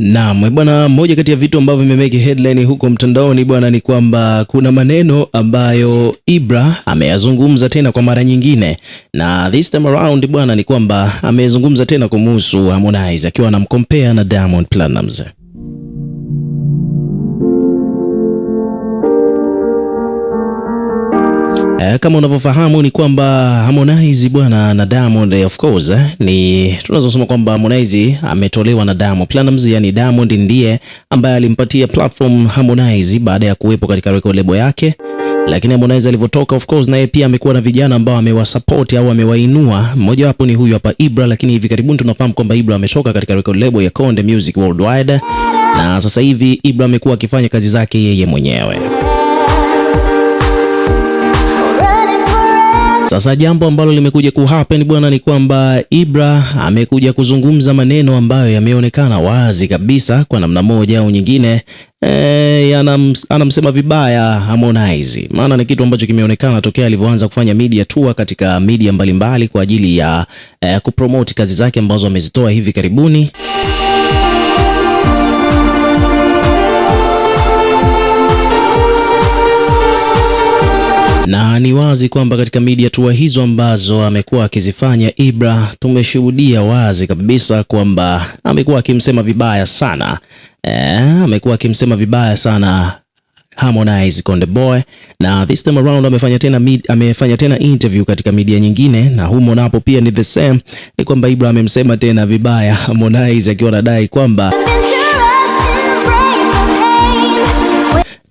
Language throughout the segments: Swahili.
Naam, eh, bwana, moja kati ya vitu ambavyo vimemeki headline huko mtandaoni bwana ni kwamba kuna maneno ambayo Ibra ameyazungumza tena kwa mara nyingine, na this time around bwana ni kwamba amezungumza tena kumhusu Harmonize akiwa anamcompare na Diamond Platnumz. Eh, kama unavyofahamu ni kwamba Harmonize bwana na Diamond eh, of course eh, ni tunazosema kwamba Harmonize ametolewa na Diamond Platnumz, yani Diamond ndiye ambaye alimpatia platform Harmonize baada ya kuwepo katika record label yake lakini Harmonize alivyotoka of course, naye pia amekuwa na vijana ambao amewasupport au amewainua. Mmojawapo ni huyu hapa Ibra, lakini hivi karibuni tunafahamu kwamba Ibra ametoka katika record label ya Konde Music Worldwide, na sasa hivi Ibra amekuwa akifanya kazi zake yeye mwenyewe. Sasa jambo ambalo limekuja happen bwana ni kwamba Ibra amekuja kuzungumza maneno ambayo yameonekana wazi kabisa kwa namna moja au nyingine E, eh, anam, anamsema vibaya Harmonize, maana ni kitu ambacho kimeonekana tokea alivyoanza kufanya media tour katika media mbalimbali mbali kwa ajili ya e, kupromote kazi zake ambazo amezitoa hivi karibuni. wazi kwamba katika media tour hizo ambazo amekuwa akizifanya Ibra, tumeshuhudia wazi kabisa kwamba amekuwa akimsema vibaya sana e, amekuwa akimsema vibaya sana Harmonize Konde Boy, na this time around amefanya tena amefanya tena interview katika media nyingine, na humo napo pia ni the same, ni kwamba Ibra amemsema tena vibaya Harmonize akiwa anadai kwamba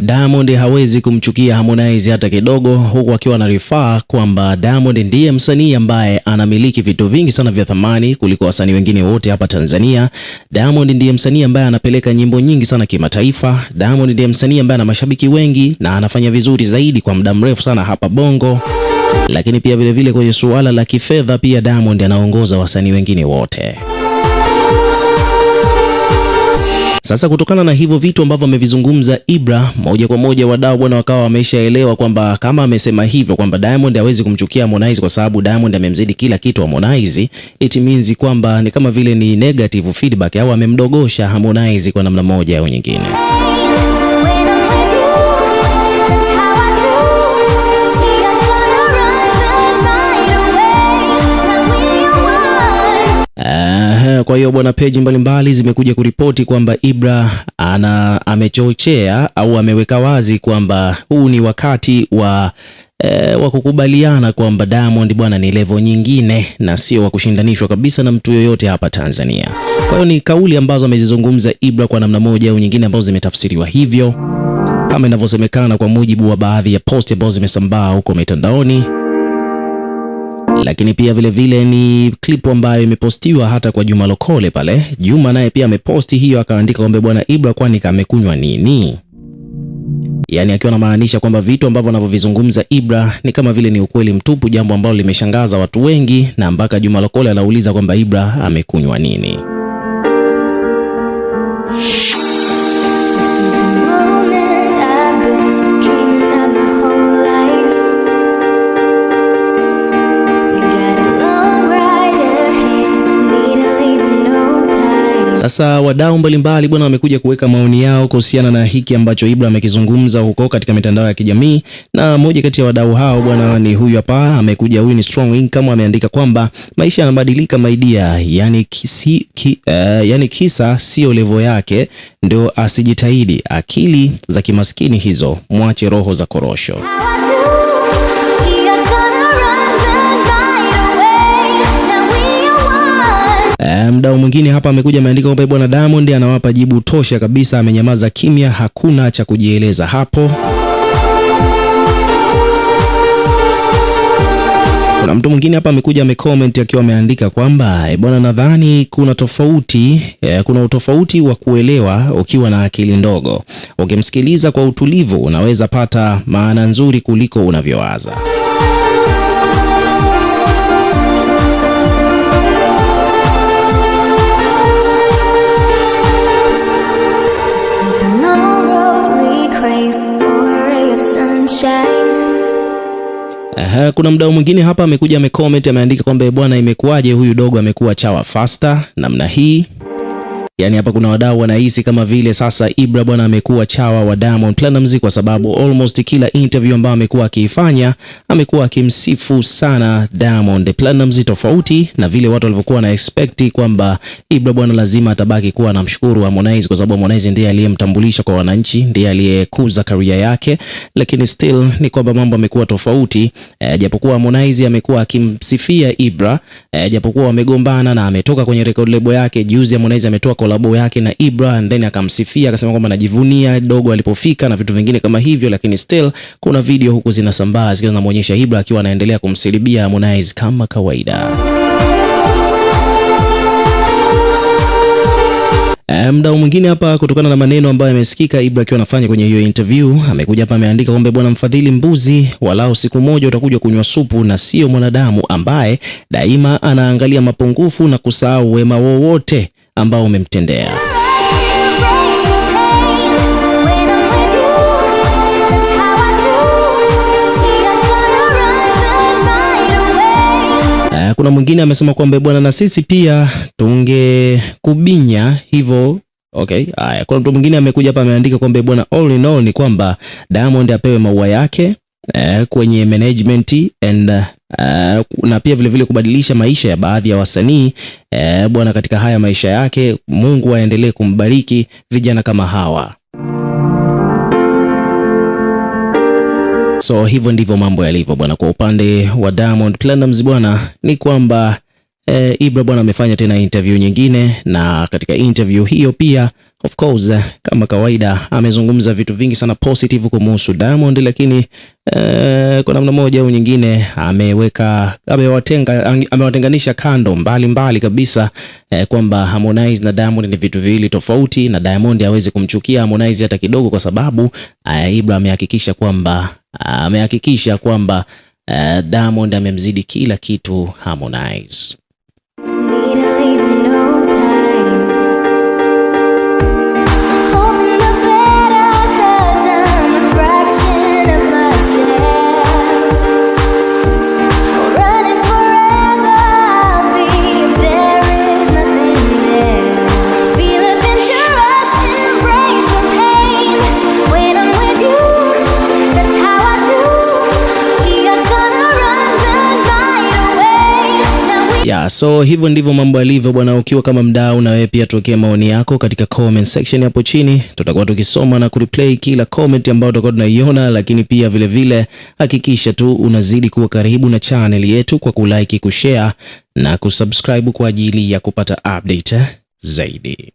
Diamond hawezi kumchukia Harmonize hata kidogo, huku akiwa rifaa kwamba Diamond ndiye msanii ambaye anamiliki vitu vingi sana vya thamani kuliko wasanii wengine wote hapa Tanzania. Diamond ndiye msanii ambaye anapeleka nyimbo nyingi sana kimataifa. Diamond ndiye msanii ambaye ana mashabiki wengi na anafanya vizuri zaidi kwa muda mrefu sana hapa Bongo lakini pia vilevile kwenye suala la kifedha pia Diamond anaongoza wasanii wengine wote. Sasa kutokana na hivyo vitu ambavyo amevizungumza Ibra, moja kwa moja wadau bwana wakawa wameshaelewa kwamba kama amesema hivyo kwamba Diamond hawezi kumchukia Harmonize kwa sababu Diamond amemzidi kila kitu Harmonize, it means kwamba ni kama vile ni negative feedback au amemdogosha Harmonize kwa namna moja au nyingine. hiyo bwana, peji mbalimbali zimekuja kuripoti kwamba Ibra ana amechochea au ameweka wazi kwamba huu ni wakati wa E, wa kukubaliana kwamba Diamond bwana ni level nyingine na sio wa kushindanishwa kabisa na mtu yoyote hapa Tanzania. Kwa hiyo ni kauli ambazo amezizungumza Ibra kwa namna moja au nyingine ambazo zimetafsiriwa hivyo kama inavyosemekana kwa mujibu wa baadhi ya posti ambazo zimesambaa huko mitandaoni. Lakini pia vile vile ni klipu ambayo imepostiwa hata kwa Juma Lokole pale. Juma naye pia ameposti hiyo, akaandika kwamba bwana Ibra, kwani kamekunywa nini? Yaani akiwa anamaanisha kwamba vitu ambavyo anavyovizungumza Ibra ni kama vile ni ukweli mtupu, jambo ambalo limeshangaza watu wengi, na mpaka Juma Lokole anauliza kwamba Ibra amekunywa nini? Sasa wadau mbalimbali bwana, wamekuja kuweka maoni yao kuhusiana na hiki ambacho Ibra amekizungumza huko katika mitandao ya kijamii, na mmoja kati ya wadau hao bwana ni huyu hapa, amekuja huyu ni Strong Income, ameandika kwamba maisha yanabadilika maidia, yani kisi, ki, uh, yani kisa sio levo yake ndio asijitahidi, akili za kimaskini hizo, mwache roho za korosho. Mdau mwingine hapa amekuja ameandika kwamba bwana Diamond anawapa jibu tosha kabisa, amenyamaza kimya, hakuna cha kujieleza hapo. Kuna mtu mwingine hapa amekuja amecomment akiwa ameandika kwamba bwana, nadhani kuna tofauti eh, kuna utofauti wa kuelewa ukiwa na akili ndogo. Ukimsikiliza kwa utulivu, unaweza pata maana nzuri kuliko unavyowaza. Aha, kuna mdau mwingine hapa amekuja amecomment ameandika kwamba eh, bwana, imekuwaje huyu dogo amekuwa chawa faster namna hii? Yani hapa kuna wadau wanahisi kama vile sasa Ibra bwana amekuwa chawa wa Diamond Platnumz, kwa sababu almost kila interview ambayo amekuwa akiifanya amekuwa akimsifu sana Diamond Platnumz, tofauti na vile watu walivyokuwa na expect kwamba Ibra bwana lazima atabaki kuwa anamshukuru Harmonize, kwa sababu Harmonize ndiye aliyemtambulisha kwa wananchi, ndiye aliyekuza career yake, lakini still ni kwamba mambo amekuwa tofauti e, japokuwa Harmonize amekuwa akimsifia Ibra e, japokuwa wamegombana na ametoka kwenye record label yake. Juzi Harmonize ametoka kolabo yake na Ibra and then akamsifia akasema kwamba anajivunia dogo alipofika na vitu vingine kama hivyo, lakini still kuna video huku zinasambaa zikiwa zinamuonyesha Ibra akiwa anaendelea kumsilibia Harmonize kama kawaida. Eh, mdau mwingine hapa, kutokana na maneno ambayo yamesikika Ibra akiwa anafanya kwenye hiyo interview, amekuja hapa ameandika kwamba bwana mfadhili mbuzi, walau siku moja utakuja kunywa supu na sio mwanadamu ambaye daima anaangalia mapungufu na kusahau wema wowote ambao umemtendea. Eh, kuna mwingine amesema kwamba bwana, na sisi pia tungekubinya hivyo. Okay, haya, kuna mtu mwingine amekuja hapa ameandika kwamba bwana, all in all ni kwamba Diamond apewe maua yake eh, kwenye management and uh, uh, na pia vilevile vile kubadilisha maisha ya baadhi ya wasanii uh, bwana, katika haya maisha yake, Mungu aendelee kumbariki vijana kama hawa. So hivyo ndivyo mambo yalivyo bwana. Kwa upande wa Diamond Platnumz bwana, ni kwamba E, Ibra bwana amefanya tena interview nyingine na katika interview hiyo pia Of course eh, kama kawaida amezungumza vitu vingi sana positive kumuhusu Diamond, lakini uh, kwa namna moja au nyingine ameweka amewatenga amewatenganisha kando mbalimbali mbali kabisa uh, kwamba Harmonize na Diamond ni vitu viwili tofauti, na Diamond hawezi kumchukia Harmonize hata kidogo, kwa sababu uh, Ibra amehakikisha kwamba amehakikisha kwamba uh, Diamond amemzidi kila kitu Harmonize. so hivyo ndivyo mambo yalivyo bwana. Ukiwa kama mdau, na wewe pia tuwekee maoni yako katika comment section hapo chini, tutakuwa tukisoma na kureplay kila comment ambayo tutakuwa tunaiona, lakini pia vile vile hakikisha tu unazidi kuwa karibu na channel yetu kwa kulike, kushare na kusubscribe kwa ajili ya kupata update zaidi.